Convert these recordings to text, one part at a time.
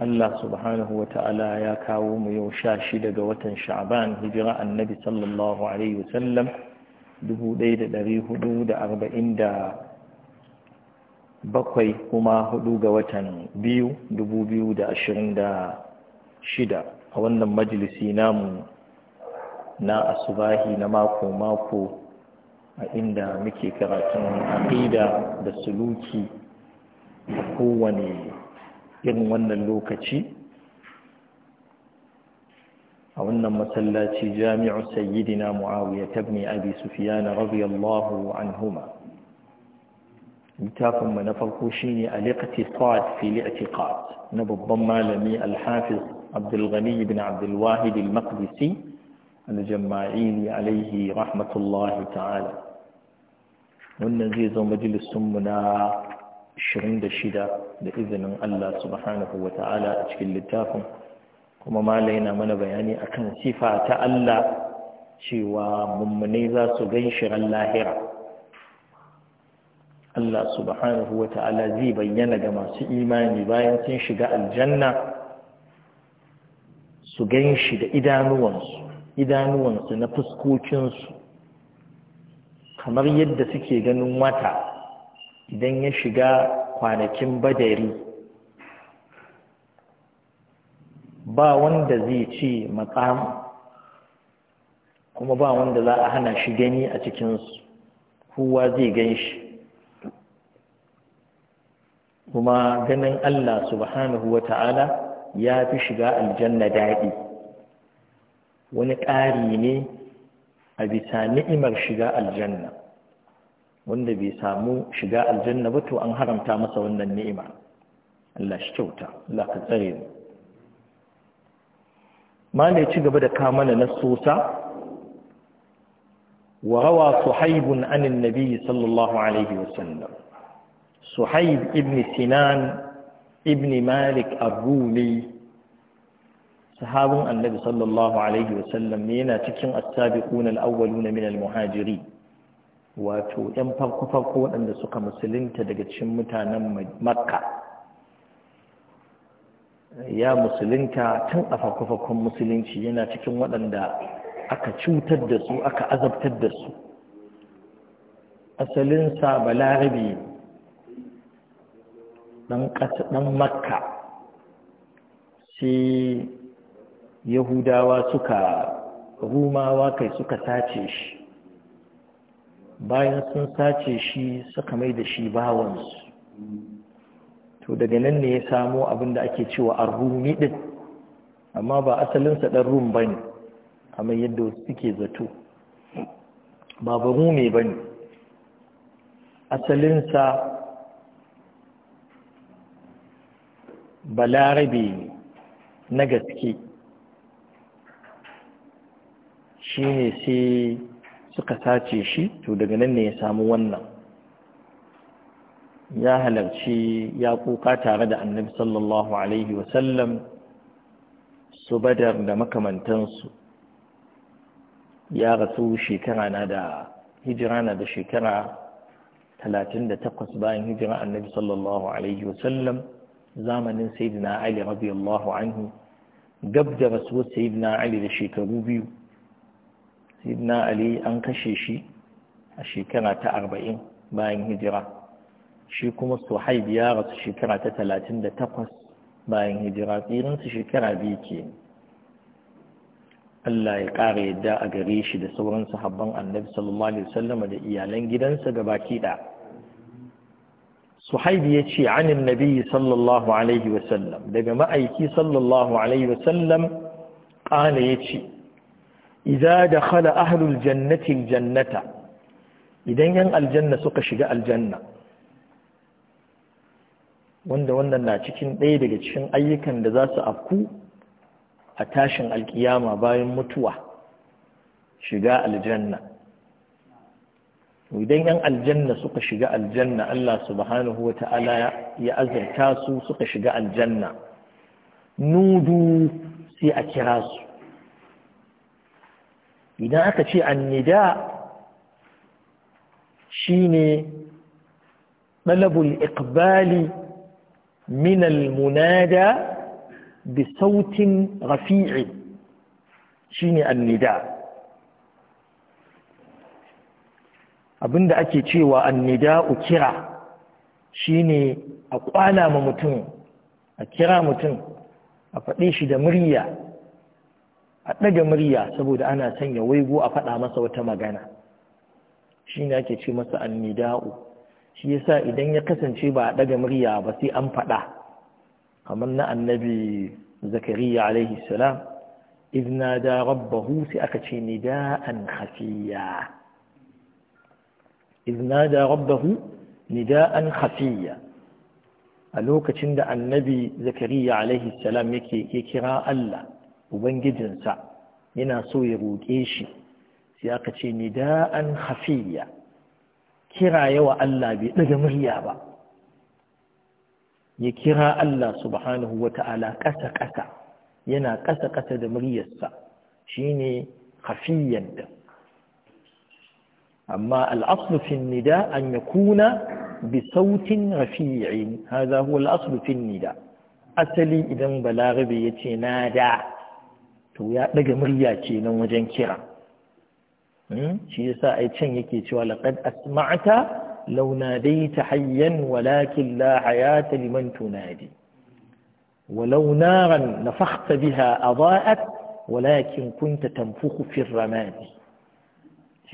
Allah subhanahu wa ta'ala ya kawo mu yau sha shida ga watan sha'aban hijira annabi sallallahu alaihi wasallam 1447 kuma hudu ga watan biyu da 2026 a wannan majalisi namu na asubahi na mako-mako a inda muke karatun aƙida da suluki a kowane irin wannan lokaci a wannan masallaci jami'u sayyidina muawiya tabni abi sufyan radiyallahu anhuma littafin mu na farko shine al-iqtisad fi al-i'tiqad na babban malami al-hafiz Abdul Ghani ibn Abdul Wahid al-Maqdisi al-Jamma'ili alayhi rahmatullah ta'ala wannan zai zo majalisun mu na 26 da izinin Allah subhanahu wa ta'ala a cikin littafin kuma malai yana mana bayani a kan sifa ta Allah cewa mummunai za su gan shirin lahira Allah subhanahu wa ta'ala zai bayyana ga masu imani bayan sun shiga aljanna su gan shi da idanuwansu idanuwansu na fuskokinsu kamar yadda suke ganin wata idan ya shiga kwanakin badari ba wanda zai ci maƙam kuma ba wanda za a hana shi gani a cikinsu kowa zai gan shi kuma ganin Allah subhanahu wa ta'ala ya fi shiga aljanna daɗi wani ƙari ne a bisa ni'imar shiga aljanna wanda bai samu shiga aljanna ba to an haramta masa wannan ni'ima Allah shi kyauta Allah ka tsare mu malai ci gaba da kama na nasusa wa rawa suhaibun anin nabi sallallahu alaihi wasallam suhaib ibn sinan ibn malik ar-rumi sahabun annabi sallallahu alaihi wasallam yana cikin as-sabiqun al-awwalun min al-muhajirin wato ‘yan farko-farko waɗanda suka musulunta daga cikin mutanen makka ya musulunta tun a farko-farkon musulunci yana cikin waɗanda aka cutar da su aka azabtar da su asalinsa balarabi ɗan makka sai yahudawa suka rumawa kai suka sace shi bayan sun sace shi suka mai da shi bawansu to daga nan ne ya samo abin da ake cewa arhumi din amma ba asalinsa ɗan rum ba ne kamar yadda suke zato ba ba rume ba ne asalinsa balarabe na gaske shi ne sai suka sace shi to daga nan ne ya samu wannan ya halarci ya kuka tare da annabi sallallahu alaihi wasallam su badar da makamantansu ya rasu shekara na da hijira na da shekara talatin da takwas bayan hijira annabi sallallahu alaihi wasallam zamanin sayyidina ali radiyallahu anhu gab da rasuwar sayyidina ali da shekaru biyu sidna ali an kashe shi a shekara ta arba'in bayan hijira shi kuma suhaib ya rasu shekara ta talatin da takwas bayan hijira tsirinsu shekara biyu ke Allah ya ƙara yadda a gare shi da sauran sahabban annabi sallallahu alaihi wasallam da iyalan gidansa gabaki da suhaib ya ce anin nabi sallallahu alaihi wasallam daga ma'aiki sallallahu alaihi wasallam ƙala ya ce idza dakhala ahlul jannati jannata idan yan aljanna suka shiga aljanna wanda wannan na cikin ɗaya daga cikin ayyukan da za su afku a tashin alkiyama bayan mutuwa shiga aljanna idan yan aljanna suka shiga aljanna Allah subhanahu wa ta'ala ya azurta su suka shiga aljanna nudu sai a kira su idan aka ce annida shine ɗalabul iqbali minal munada bi sautin rafi'i shine annida abinda ake cewa annida kira shine a kwana ma mutum a kira mutum a faɗe shi da murya a ɗaga murya saboda ana sanya waigo a faɗa masa wata magana shi ne ake ce masa annida'u shi yasa idan ya kasance ba a ɗaga murya ba sai an faɗa kamar na annabi zakariya alaihi salam izna da rabbahu sai aka ce nida'an khafiya izna da rabbahu nida'an khafiya a lokacin da annabi zakariya alaihi salam yake ya kira Allah ubangijinsa yana so ya roƙe shi sai aka ce ni da an hafiya kira yawa Allah bai ɗaga murya ba ya kira Allah subhanahu ta'ala ƙasa ƙasa yana ƙasa ƙasa da muryarsa shine hafiyan din أما an ya kuna أن يكون بصوت رفيع هذا هو الأصل في النداء أسلي إذا بلاغ بيتي نادى to ya ɗaga murya kenan wajen kira hmm? shi yasa ai can yake cewa laqad asma'ta law nadaita hayyan walakin la hayata liman tunadi ولو نارا نفخت بها أضاءت ولكن كنت تنفخ في الرماد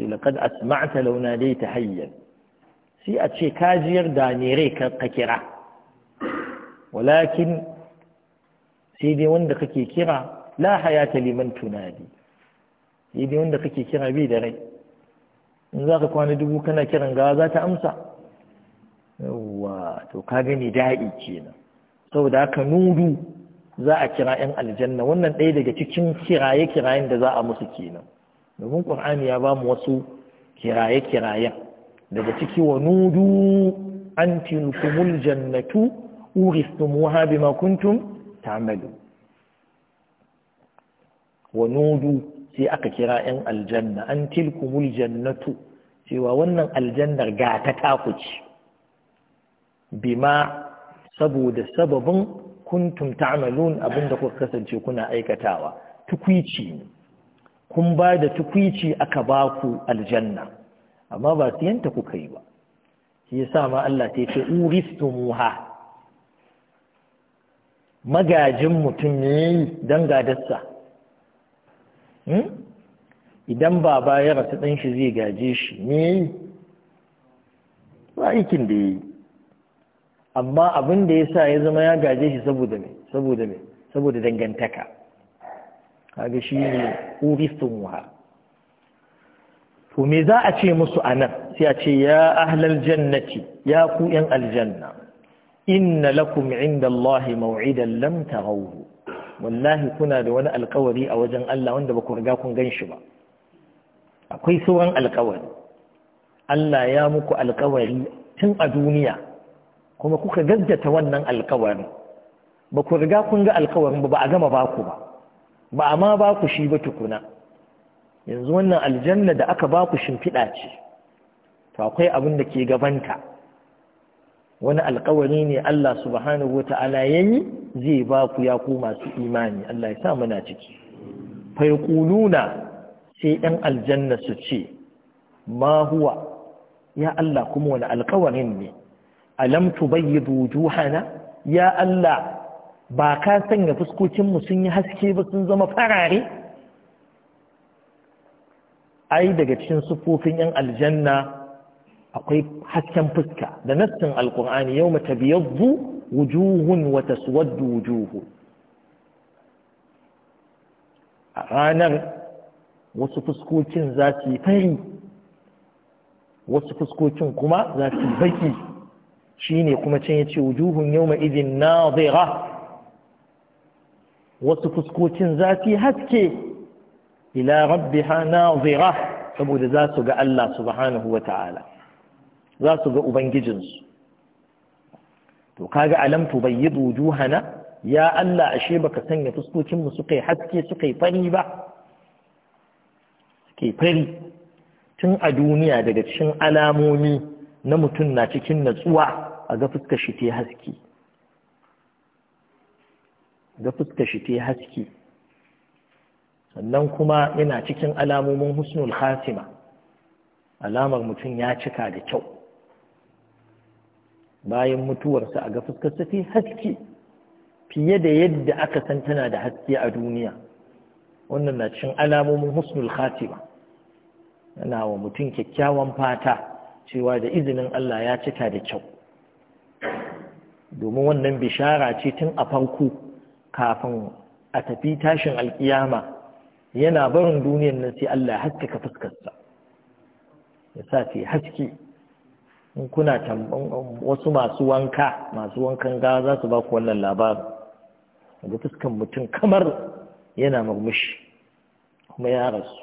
لقد أسمعت لو ناديت حيا سي أتشي كاجير دانيري كاكرا ولكن سيدي وندك كيكرا la ta liman tunadi sai wanda kake kira bai da rai in za ka kwana dubu kana kiran gawa za ta amsa yawwa to ka gani da'i kenan saboda haka nudu za a kira 'yan aljanna wannan ɗaya daga cikin kiraye-kirayen da za a musu kenan domin ƙur'ani ya ba mu wasu kiraye-kirayen daga ciki wa nudu an tilkumul jannatu uristumuha bima kuntum ta'malu wa nudu sai aka kira ‘yan aljanna an tilkumul jannatu cewa wannan aljannar ga ta taku ce bima saboda sababin kuntum ta'malun abinda kuka kasance kuna aikatawa tukwici ne kun ba da tukwici aka ba ku aljanna amma ba ta kuka yi ba shi yasa ma Allah ta ce uristumuha magajin mutum ne dan gadarsa Hmm? idan baba ya rasu ɗan shi zai gaje shi ne ba aikin da ya yi amma abin da ya sa ya zama ya gaje shi saboda saboda saboda dangantaka kaga shi ne uristun wa. to me za a ce musu a nan sai a ce ya ahlal jannati ya ku yan aljanna inna lakum inda Allahi maw'idan lam taghawhu wallahi kuna da wani alkawari a wajen Allah wanda ba ku riga kun gan shi ba akwai sauran alkawari Allah ya muku alkawari tun a duniya kuma kuka gaggata wannan alkawari ba ku riga kun ga alkawarin ba ba a gama baku ba ba a ma baku shi ba tukuna yanzu wannan aljanna da aka baku shimfiɗa ce to akwai abin da ke gabanta wani alkawari ne Allah subhanahu wata'ala yayi zai ba ku ya ku masu imani Allah ya sa muna ciki fa sai ɗan aljanna su ce ma huwa ya Allah kuma wani alkawarin ne alamtu ya buju hana? ya Allah ba ka sanya fuskokin mu sun yi haske ba sun zama farare ai daga cikin sufofin yan aljanna akwai hasken fuska da nassin alkur'ani yau mata biyazzu wujuhun wata suwaddu wujuhu a ranar wasu fuskokin za su yi fari wasu fuskokin kuma za su yi baki shine kuma can ce wujuhun yawma na nadira wasu fuskokin za su yi haske ila rabbiha nadira saboda za su ga Allah subhanahu wa ta'ala za su ga ubangijinsu to kaga alam tubayyidu hana ya Allah ashe baka sanya fuskokinmu suka yi haske suka yi fari ba suka yi fari tun a duniya daga cikin alamomi na mutum na cikin natsuwa a ga fuskar shi ta haske ga fuskar shi ta haske sannan kuma yana cikin alamomin husnul khatima alamar mutum ya cika da kyau bayan mutuwarsa a ga fuskarsa ta haske fiye da yadda aka san tana da haske a duniya wannan na cikin alamomin husnul khatima yana wa mutum kyakkyawan fata cewa da izinin Allah ya cika da kyau domin wannan bishara ce tun a farko kafin a tafi tashin alkiyama yana barin duniyan nan sai Allah ya haskaka fuskarsa ya sa ta haske in kuna wasu masu wanka masu wankan gawa za su ba ku wannan labarin da fuskan mutum kamar yana murmushi kuma ya rasu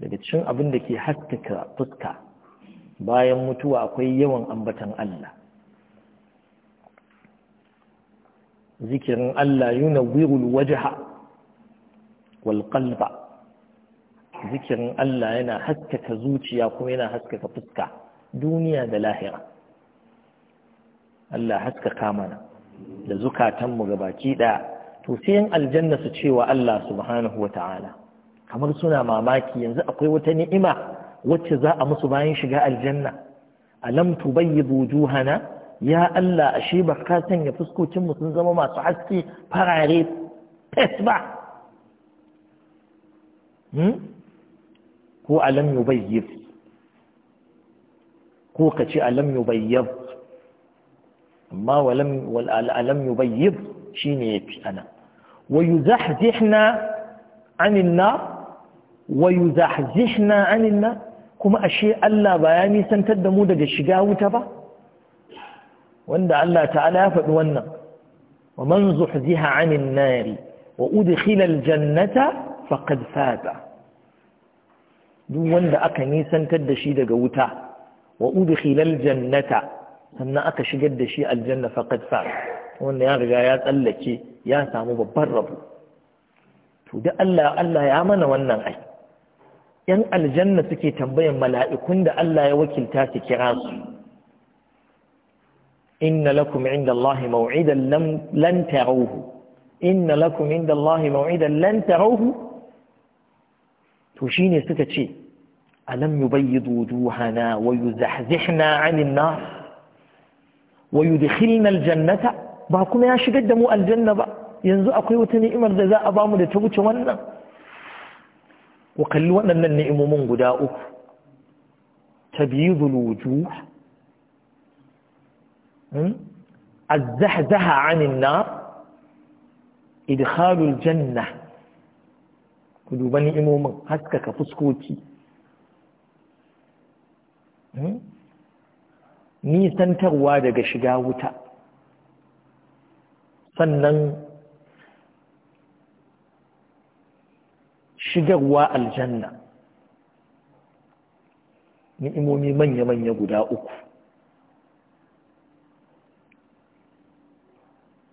daga cikin abin da ke haskaka fuska bayan mutuwa akwai yawan ambatan Allah zikirin Allah yuna wirul wajaha wal qalba zikirin Allah yana haskaka zuciya kuma yana haskaka fuska duniya da lahira Allah haskaka mana da zukatanmu gabaki ɗaya to sai yin aljanna su cewa Allah subhanahu wa ta'ala kamar suna mamaki yanzu akwai wata ni'ima wacce za a musu bayan shiga aljanna alam tubayyidu wujuhana ya Allah ashe ba ka sanya fuskokin mu sun zama masu haske farare fes ba hmm? ko alam yubayyib ko ka ce alam yubayyib amma walam wal alam yubayyib shine yafi ana wa yuzahzihna anin nar wa yuzahzihna anin nar kuma ashe Allah ba ya nisantar da mu daga shiga wuta ba wanda Allah ta'ala ya faɗi wannan wa man zuhziha anin nari wa udkhila aljannata faqad fata duk wanda aka nisantar da shi daga wuta wa udkhilal jannata sannan aka shigar da shi aljanna faqad fa wanda ya riga ya tsallake ya samu babban rabo to da Allah Allah ya mana wannan ai yan aljanna suke tambayan mala'ikun da Allah ya wakilta su kira su inna lakum inda Allah maw'idan lan tarawhu inna lakum inda Allah maw'idan lan tarawhu to shine suka ce alam yubayyidu wujuhana wa yuzahzihna 'anil nar da yudkhilna jannata. ba kuma ya shigar da mu aljanna ba yanzu akwai wata ni'imar da za a bamu da ta wuce wannan ku kalli waɗannan ni'imomin guda uku tabyidul wujuh الزحزحة عن النار إدخال الجنة ku duba ni'imomin haskaka fuskoki hmm? nisantarwa daga shiga wuta sannan shigarwa aljanna ni'imomi manya-manya guda uku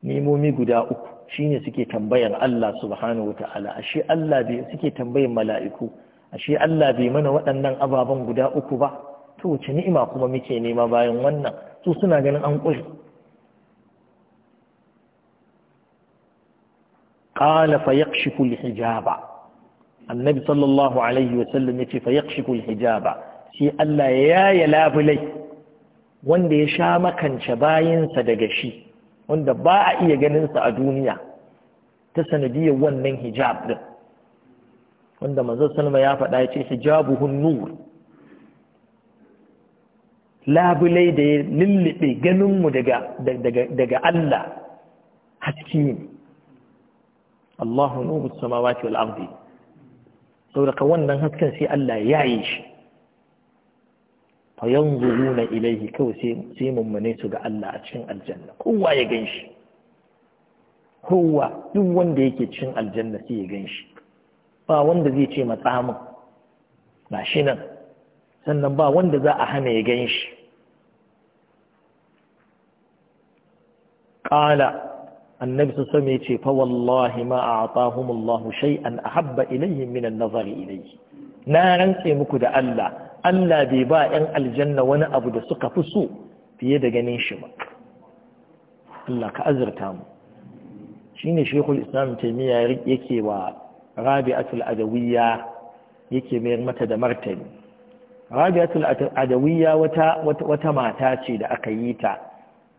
ni'imomi guda uku shine suke tambayar Allah subhanahu wata'ala ashe Allah bai suke tambayar mala'iku ashe Allah bai mana waɗannan ababen guda uku ba ta wace ni'ima kuma muke nema bayan wannan su suna ganin an ƙuri qala fa yakshifu hijaba annabi sallallahu alaihi wasallam yace fa yakshifu al-hijaba sai Allah ya yi labulai wanda ya sha makance bayansa daga shi wanda ba a iya ganinsa a duniya ta sanadiyar wannan hijab din wanda manzon salma ya faɗa ya ce hijabuhun nur labulai da ya lullube ganinmu daga Allah haske ne Allahu nuru samawati wal ardi saboda wannan hasken sai Allah ya yi shi fa yanzuruna ilayhi kawai sai mummune su ga Allah a cikin aljanna kowa ya ganshi kowa duk wanda yake cin aljanna sai ya gan shi ba wanda zai ce matsa min ba shi nan sannan ba wanda za a hana ya gan shi ƙala annabi su sami ce fa wallahi ma a atahumullahu shay'an ahabba ilayhim min an-nazari ilayhi na rantse muku da Allah Allah bai ba 'yan aljanna wani abu da suka fi so fiye da ganin shi ba Allah ka azurta mu shine shekul islam taimiyya yake wa rabi'atul adawiyya yake mayar mata da martani rabi'atul adawiyya wata mata ce da aka yi ta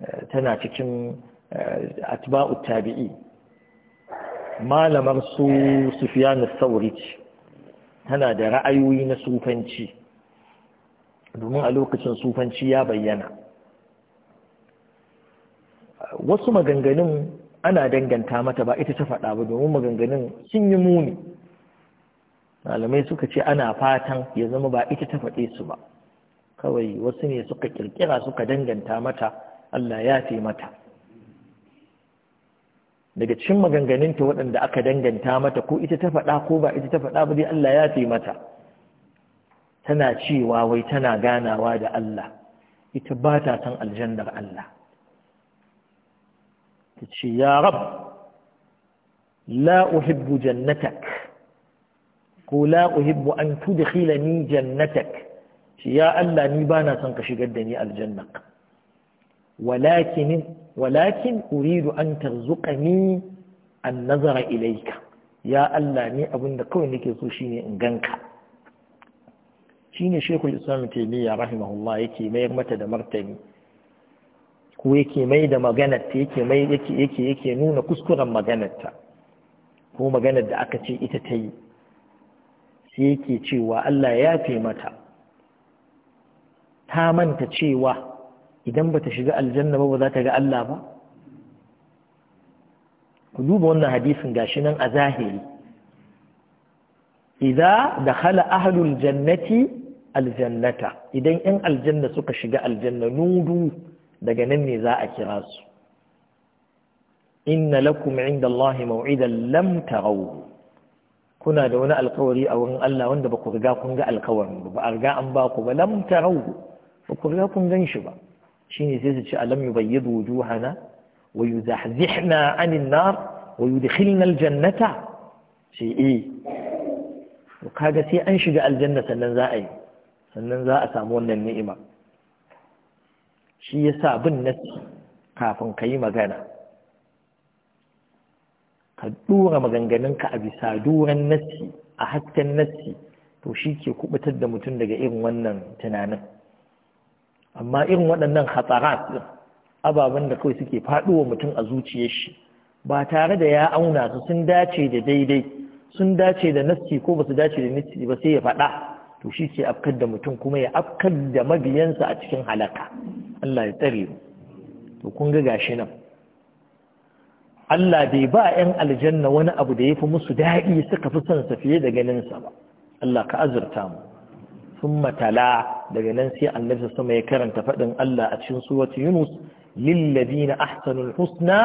eh, tana cikin eh, atba'u tabi'i malamar su sufyan sauri tana da ra'ayoyi na sufanci domin a lokacin sufanci ya bayyana wasu maganganun ana danganta mata ba ita ta faɗa ba domin maganganun sun yi muni malamai suka ce ana fatan ya zama ba ita ta faɗe su ba kawai wasu ne suka ƙirƙira suka danganta mata Allah ya fi mata daga cikin maganganunta waɗanda aka danganta mata ko ita ta faɗa ko ba ita ta faɗa ba dai Allah ya fi mata tana cewa wai tana ganawa da Allah ita ba ta san aljannar Allah ta ce ya rab la uhibbu jannatak ko la uhibbu an tudkhilani jannatak ce ya Allah ni bana son ka shigar da ni aljannak walakin walakin uridu an tarzuqani an nazara ilayka ya Allah ni abinda kawai nake so shine in ganka shine shekul taimiyya, taymiya rahimahullah yake mayar mata da martani ko yake mai da maganarta yake mai yake yake yake nuna kuskuren maganarta ko maganar da aka ce ita ta yi sai yake cewa Allah ya fi mata ta manta cewa idan ba ta shiga aljanna ba ba za ta ga Allah ba ku duba wannan hadisin gashi nan a zahiri da dakhala ahlul jannati aljannata idan yan aljanna suka shiga aljanna nudu daga nan ne za a kira su inna lakum inda Allah maw'idan lam tarawhu kuna da wani alkawari a wurin Allah wanda ba ku riga kun ga alkawarin ba ba a riga an ba ku ba lam tarawhu ba ku riga kun gan shi ba shine sai su ce alam yubayyidu wujuhana wa yuzahzihna anin nar wa yudkhilna aljannata shi eh to kaga sai an shiga aljanna sannan za a yi sannan za a samu wannan ni'ima shi ya sa bin nassi kafin ka yi magana ka maganganun maganganunka a bisa duran nassi, a hasken nassi, to shi ke kubutar da mutum daga irin wannan tunanin amma irin waɗannan hatsarat ababen da kawai suke faɗowa mutum a zuciyar shi ba tare da ya auna su sun dace da daidai sun dace da nassi, ko ba su dace da nassi ba sai ya faɗa to shi ke afkar da mutum kuma ya afkar da mabiyansa a cikin halaka Allah ya tsare mu to kun ga gashi nan Allah bai ba 'yan aljanna wani abu da ya fi musu daɗi suka fi son sa fiye da ganinsa ba Allah ka azurta mu sun matala daga nan sai annabi sama ya karanta faɗin Allah a cikin suwatu Yunus lillazina ahsanul husna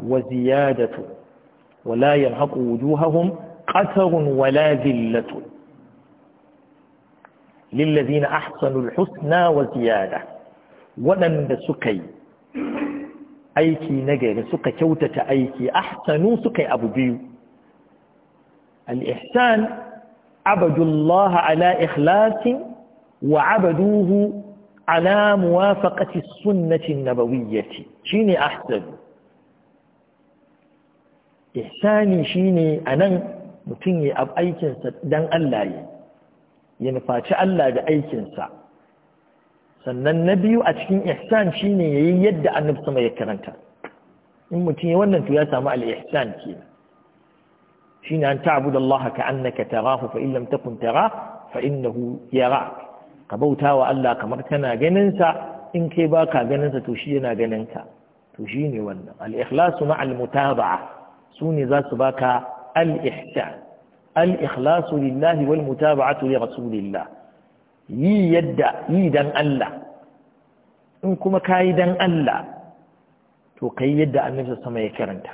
wa ziyadatu wala yanhaqu wujuhahum qatarun wala zillatun للذين أحسنوا الحسنى وزيادة ولن سكي أيكي نجر سكي كوتة أيكي أحسنوا سكي أبو بيو الإحسان عبدوا الله على إخلاص وعبدوه على موافقة السنة النبوية شيني أحسن إحساني شيني أنا متني أب أيكي دان الله ya nufaci Allah da aikinsa sannan na biyu a cikin ihsan shine yayi yadda annabi sama ya karanta in mutum ya wannan tuya ya samu al-ihsan kenan ne an ta'budu Allah ka annaka tarahu fa in lam takun tara fa innahu yara ka bautawa Allah kamar kana ganin sa in kai baka ganin sa to shi yana ganin ka to ne wannan al na ma'al mutaba'a sune za su baka al-ihsan al-ikhlasu lillahi wal mutaba'atu li rasulillah yi yadda yi dan Allah in kuma kayi dan Allah to kai yadda annabi sama ya karanta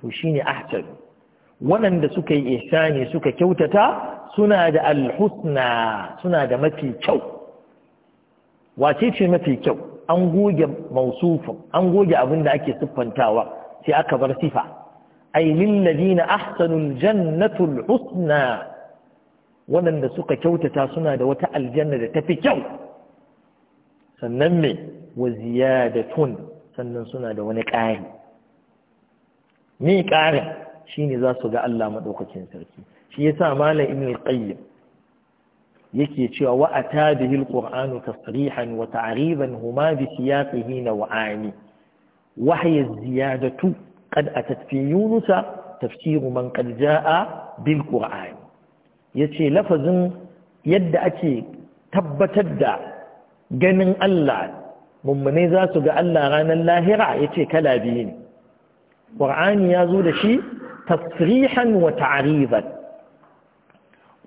to shine ahsan waɗanda suka yi ihsani suka kyautata suna da alhusna suna da mafi kyau wace mafi kyau an goge mausufin an goge abin da ake siffantawa sai aka bar sifa ay lilladina ahsanul jannatul husna waɗanda suka kyautata suna da wata aljanna da tafi kyau sannan me wa sannan suna da wani ƙari me ƙari shine za su ga Allah madaukakin sarki shi yasa malam ibn qayyim yake cewa wa atadihi alquranu tasrihan wa ta'riban huma bi siyaqihi wa ani ziyadatu qad a fi yunusa tafsiru man qad jaa bil qur'an yace lafazin yadda ake tabbatar da ganin Allah mummune za su ga Allah ranar lahira yace kala biyu ne qur'ani ya zo da shi tasrihan wa ta'riban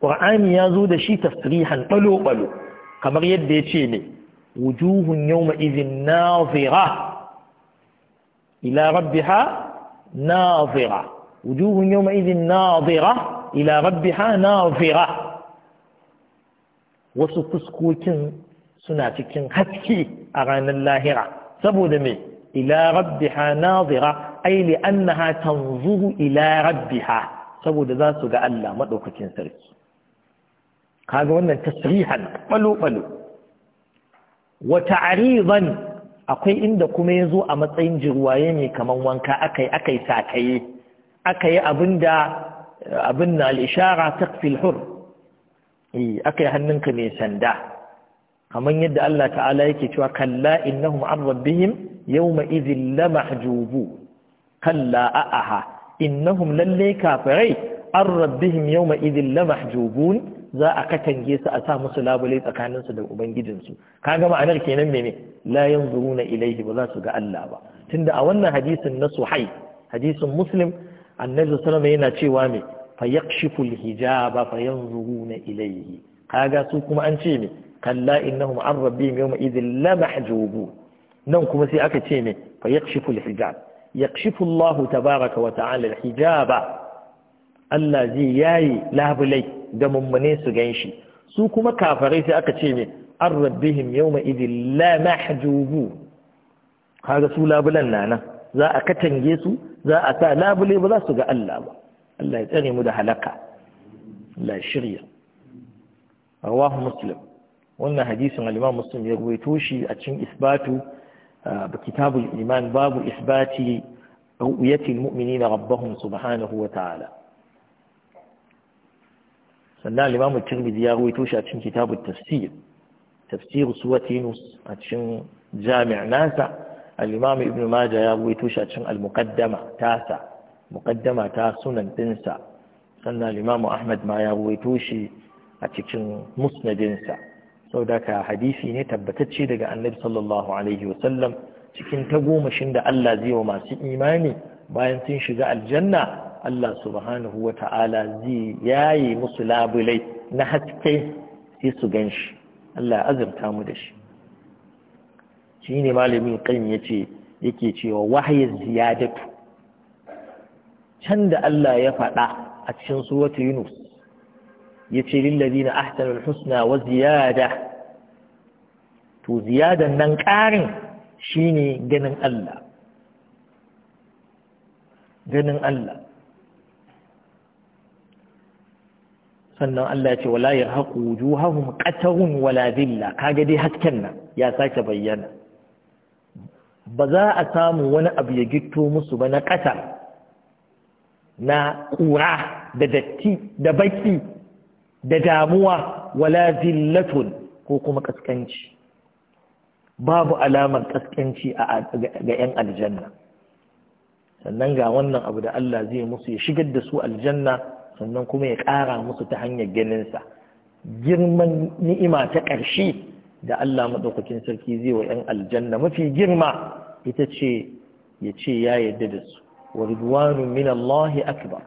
qur'ani ya zo da shi tasrihan balo balo kamar yadda yace ne wujuhun yawma idhin nazira ila rabbiha ناظرة وجوه يومئذ ناظرة إلى ربها ناظرة wasu fuskokin suna cikin haske a ranar lahira saboda mai ila rabbi ha nazira aili annaha tanzuru ila rabbi saboda za su ga Allah maɗaukakin sarki kaga wannan tasrihan ɓalo-ɓalo wata ariban akwai inda kuma ya zo a matsayin jirwaye mai kamar wanka Aka yi sakaye akai abin da abin na al'ishara ta filhur eh, yi hannunka mai sanda kamar yadda Allah ta'ala yake cewa kalla innahum an rabbihim yawma idhin la mahjubu kalla a'aha innahum lallai kafirai an rabbihim yawma idhin la mahjubun za a katange su a sa musu labule tsakaninsu da ubangijinsu kaga ma'anar kenan mene la yanzuruna ilaihi ba za su ga Allah ba tunda a wannan hadisin na suhai hadisin muslim annabi sallallahu yana cewa me fa shiful hijaba. fa yanzuruna ilaihi kaga su kuma an ce me kalla innahum an rabbihim yawma idhin la mahjubu nan kuma sai aka ce me fa yakshifu alhijab yakshifu Allah tabaaraka wa ta'ala alhijaba Allah zai yayi labulai ga mummune su ganshi su kuma kafarai sai aka ce me an rabbihim yawma idin la mahjubu kaga su labulan nan za a katange su za a sa labule ba za su ga Allah ba Allah ya tsare mu da halaka la shirya rawahu muslim wannan hadisin al-imam muslim ya ruwaito shi a cikin isbatu kitabul iman babu isbati ru'yatil mu'minina rabbahum subhanahu wa ta'ala sannan al-Imam Tirmidhi ya rawaito shi a cikin kitabu tafsir tafsir suwat a cikin jami' nasa al-Imam Ibn Majah ya rawaito shi a cikin al-Muqaddama tasa muqaddama ta sunan dinsa sannan al Ahmad ma ya rawaito shi a cikin musnadinsa saboda ka hadisi ne tabbatacce daga Annabi sallallahu alaihi wa sallam cikin da Allah zai wa masu imani bayan sun shiga aljanna Allah subhanahu wa ta'ala zai yayi musu labulai na haske sai su gan shi Allah azurta mu da shi shi ne malamin kan ya ce yake cewa wahayi ziyadatu can da Allah ya faɗa a cikin suratu Yunus ya ce na ahsanul husna wa ziyada to ziyadan nan ƙarin shine ganin Allah ganin Allah sannan Allah ya ce wala ya wuju hahun ƙatarun wala dhilla kaga dai hasken nan ya sake bayyana ba za a samu wani abu ya gito musu ba na ƙatar, na ƙura da datti da baki da damuwa wala zillatun ko kuma ƙasƙanci babu alamar ƙasƙanci ga 'yan aljanna sannan ga wannan abu da Allah zai musu ya shigar da su aljanna sannan kuma ya ƙara musu ta hanyar ganinsa girman ni'ima ta ƙarshe da Allah maɗaukakin sarki zai wa 'yan aljanna mafi girma ita ce ya ce ya yarda da su wa ridwanu min Allah akbar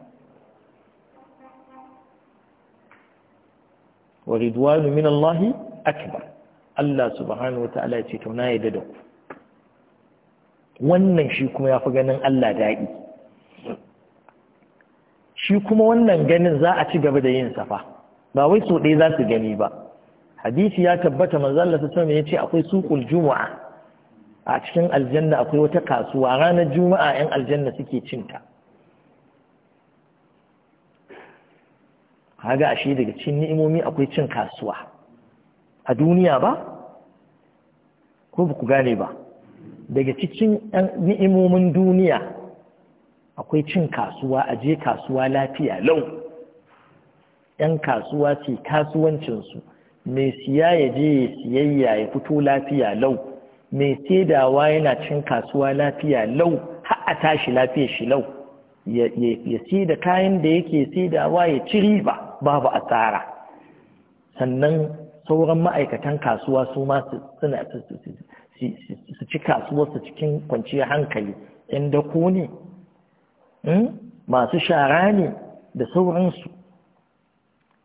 wa ridwanu min Allah akbar Allah subhanahu wa ta'ala ya ce to na yarda da ku wannan shi kuma ya fi ganin Allah daɗi shi kuma wannan ganin za a ci gaba da yin safa ba wai so ɗaya za su gani ba hadisi ya tabbata manzalla ta ya ce akwai suƙul juma'a a cikin aljanna akwai wata kasuwa ranar juma'a 'yan aljanna suke cinta ga ashe daga cikin ni'imomi akwai cin kasuwa a duniya ba ko ba ku gane ba daga cikin ni'imomin duniya akwai cin kasuwa a je kasuwa lafiya lau ‘yan kasuwa ce kasuwancinsu mai siya ya je siyayya ya fito lafiya lau mai saidawa yana cin kasuwa lafiya lau har a tashi lafiya shi lau ya da kayan da yake saidawa ya ci riba babu asara sannan sauran ma'aikatan kasuwa su ma suna su ci kasuwarsu cikin kwanciyar hankali ‘yan dako ne Eh? masu shara ne da sauransu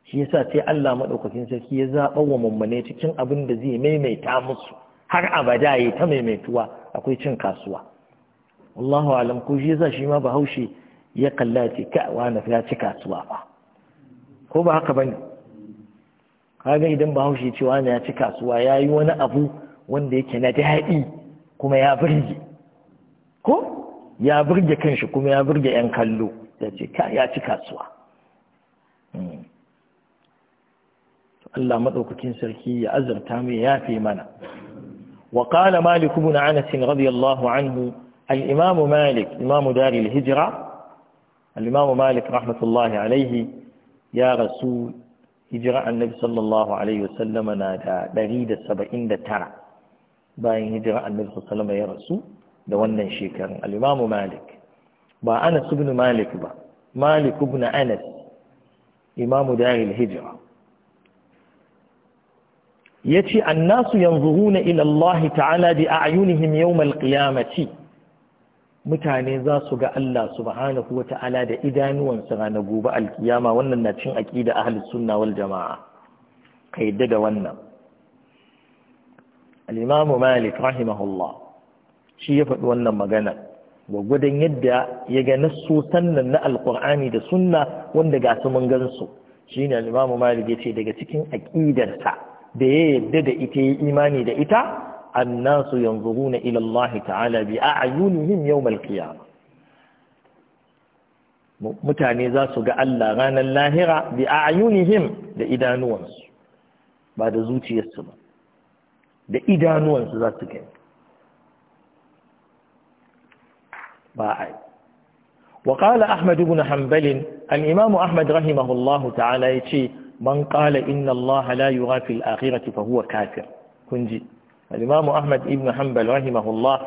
shi yasa sai Allah maɗaukakin sarki ya zaɓa wa mummune cikin abin da zai maimaita musu har abada ya ta maimaituwa akwai cin kasuwa Wallahu alam ko shi yasa shi ma Bahaushe ya kalla ce ka na ya ci kasuwa ba ko ba haka bane kaga idan Bahaushe ce ya ci kasuwa ya yi wani abu wanda yake na daɗi kuma ya birge ko ya burge kanshi kuma ya burge 'yan kallo ya ce ya ci kasuwa hmm. Allah maɗaukakin sarki ya azarta mai fi mana wa qala malik ibn anas radiyallahu anhu al'imamu malik imam dar al-hijra al malik rahmatullahi alaihi ya rasu hijira annabi sallallahu alaihi wasallam na da 179 bayan hijira annabi sallallahu alaihi wasallam ya rasu da wannan shekarun al'imamu malik ba anas ibn malik ba malik ibn anas imamu daril hijira ya ce annasu yanzuhuna ila Allah ta'ala bi a'yunihim yawmal qiyamati mutane za su ga Allah subhanahu wa ta'ala da idanuwansu ranar gobe alkiyama wannan na cin aƙida ahlus sunna wal jama'a ka yadda da wannan Alimamu imamu malik rahimahullah shi ya faɗi wannan magana gwagwadon yadda ya ga nasu sannan na alƙur'ani da sunna wanda ga su mun gansu shi ne alimamu malik ya ce daga cikin aƙidarsa da ya yadda da ita ya imani da ita an nasu yanzu ila Allah ta'ala bi a'yunihim yawm yau qiyamah mutane za su ga Allah ranar lahira bi a a'yunihim da idanuwansu ba da zuciyarsu ba da idanuwansu za su gani باعي وقال أحمد بن حنبل الإمام أحمد رحمه الله تعالى يتي من قال إن الله لا يرى في الآخرة فهو كافر كنجي الإمام أحمد بن حنبل رحمه الله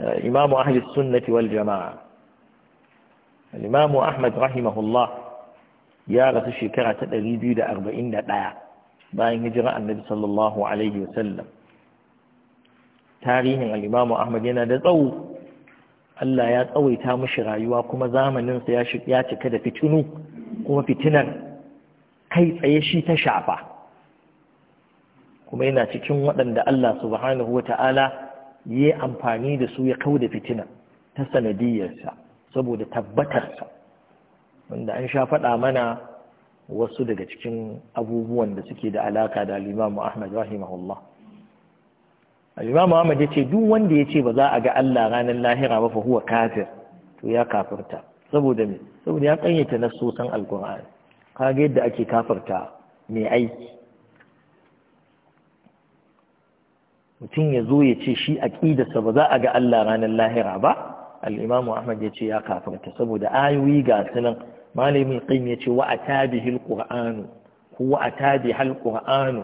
إمام أهل السنة والجماعة الإمام أحمد رحمه الله يا رسول شكرة تدريبي دا أربعين دا باين هجرة النبي صلى الله عليه وسلم تاريخ الإمام أحمد ينادى Allah ya tsawaita mashi rayuwa kuma zamanin sa ya cika da fitinu kuma fitinar kai tsaye shi ta shafa kuma yana cikin waɗanda Allah subhanahu wata'ala ya amfani da su ya kau da fitina ta sanadiyarsa saboda tabbatarsa wanda an sha faɗa mana wasu daga cikin abubuwan da suke da alaka da limamu Ahmad rahimahullah Imam Muhammad ya ce duk wanda ya ce ba za a ga Allah ranar lahira ba fa huwa kafir to ya kafirta saboda me saboda ya kanyata nasosan alkur'ani kaga yadda ake kafirta mai aiki mutum ya zo ya ce shi aqidarsa ba za a ga Allah ranar lahira ba al-Imam Ahmad ya ce ya kafirta saboda ayoyi ga sunan malamin qayyim ya ce wa atabihil a huwa atabihal qur'anu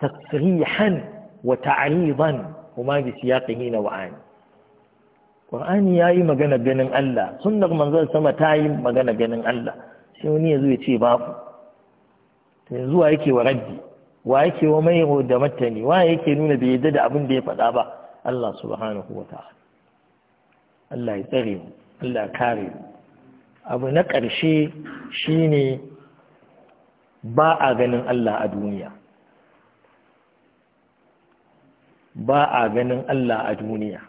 tasrihan wa ta'ridan kuma bi siyaqihi na wa'an qur'ani yayi magana ganin Allah sunnar manzon sama ta yi magana ganin Allah sai wani yazo ya ce babu to yanzu wa yake wa raddi wa yake wa mai da matani wa yake nuna bai yadda da abin ya faɗa ba Allah subhanahu wa ta'ala Allah ya tsare mu Allah ya kare mu abu na ƙarshe shine ba a ganin Allah a duniya ba a ganin Allah a duniya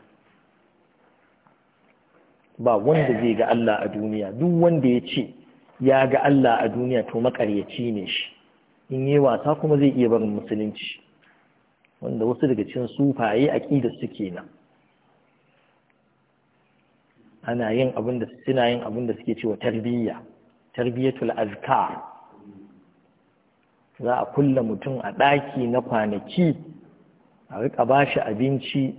ba wanda zai ga Allah a duniya duk wanda ya ce ya ga Allah a duniya to makaryaci ne shi in yi wasa kuma zai iya barin musulunci wanda wasu daga cikin sufaye aƙida suke nan ana yin abin da suna yin abin suke cewa tarbiyya tarbiyatul azkar za a kulla mutum a ɗaki na kwanaki a rika ba shi abinci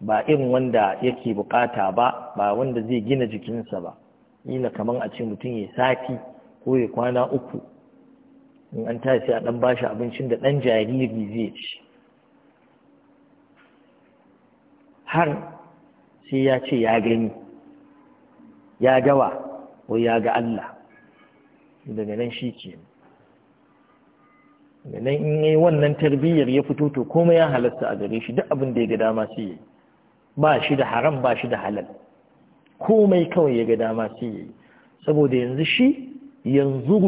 ba irin wanda yake bukata ba ba wanda zai gina jikinsa ba ila kamar a ce mutum ya sati ko ya kwana uku in an tashi a dan bashi abincin da dan jariri zai ci har sai ya ce ya gani ya gawa ko ya ga Allah daga nan shi kenan nan in yi wannan tarbiyyar ya fito to komai ya halatta a gare shi duk abin da ya ga dama sai yi ba shi da haram ba shi da halal komai kawai ya ga dama sai yi saboda yanzu shi yanzu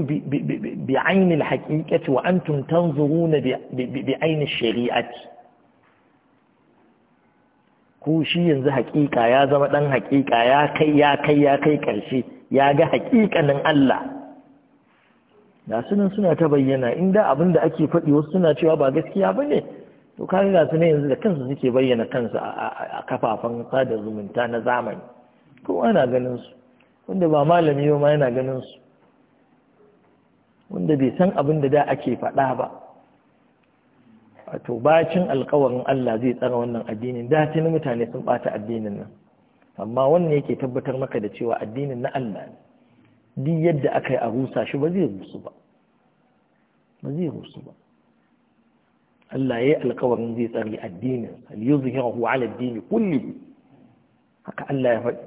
bi ainihin haƙiƙati wa an tuntan zuru na bi ainihin shari'ati ko shi yanzu haƙiƙa ya zama ɗan haƙiƙa ya kai ya kai ya kai ƙarshe ya ga haƙiƙanin Allah ga sunan suna ta bayyana inda abin da ake faɗi wasu suna cewa ba gaskiya ba ne to kaga ga sunan yanzu da kansu suke bayyana kansu a kafafen sada zumunta na zamani ko ana ganin su wanda ba malami yau ma yana ganin su wanda bai san abin da da ake faɗa ba wato bacin alkawarin Allah zai tsara wannan addinin da tuni mutane sun bata addinin nan amma wannan yake tabbatar maka da cewa addinin na Allah ne Din yadda aka yi a rusa shi ba zai rusu ba ba zai rusu ba Allah ya yi alkawarin zai tsari addinin al-yuzhiru ala ad kulli haka Allah ya faɗi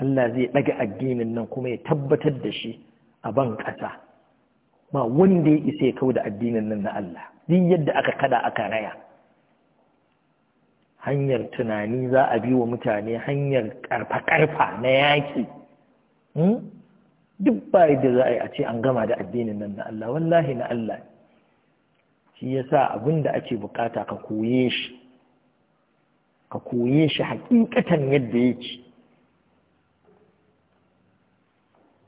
Allah zai ɗaga addinin nan kuma ya tabbatar da shi a ban ƙasa ba wanda ya isa ya kau da addinin nan na Allah Din yadda aka kada aka raya hanyar tunani za a bi wa mutane hanyar ƙarfa-ƙarfa na yaƙi Hmm? duk ba da za a yi a ce an gama da addinin nan na Allah wallahi na Allah shi sa abin da ake bukata ka koye shi ka koye shi hakikatan yadda ya ce,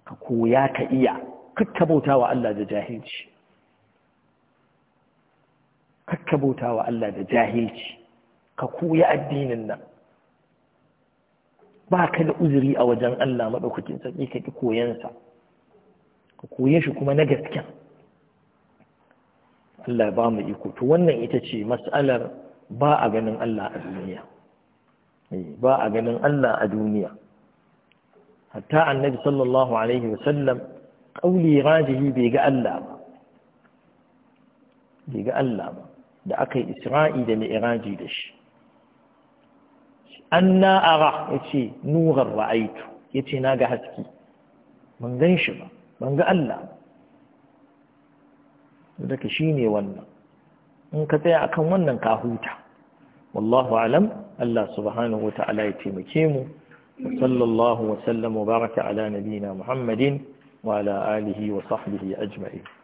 ka koya ka iya kakka bauta wa Allah da jahilci kakka bauta wa Allah da jahilci ka koya addinin nan ba ka da uzuri a wajen Allah maɗaukakin sarki ka ki koyansa ka koye shi kuma na gasken Allah ba mu iko to wannan ita ce mas'alar ba a ganin Allah a duniya eh, ba a ganin Allah a duniya hatta annabi sallallahu alaihi wa sallam, ƙauli rajihi bai ga Allah ba bai ga Allah ba da aka yi isra'i da mi'raji da shi anna ara yace nurar ra'aitu yace na ga haske ban gan shi ba ban ga Allah daga shine wannan in ka tsaya akan wannan ka huta wallahu alam Allah subhanahu wa ya taimake mu صلى baraka ala وبارك muhammadin نبينا محمد وعلى آله وصحبه أجمعين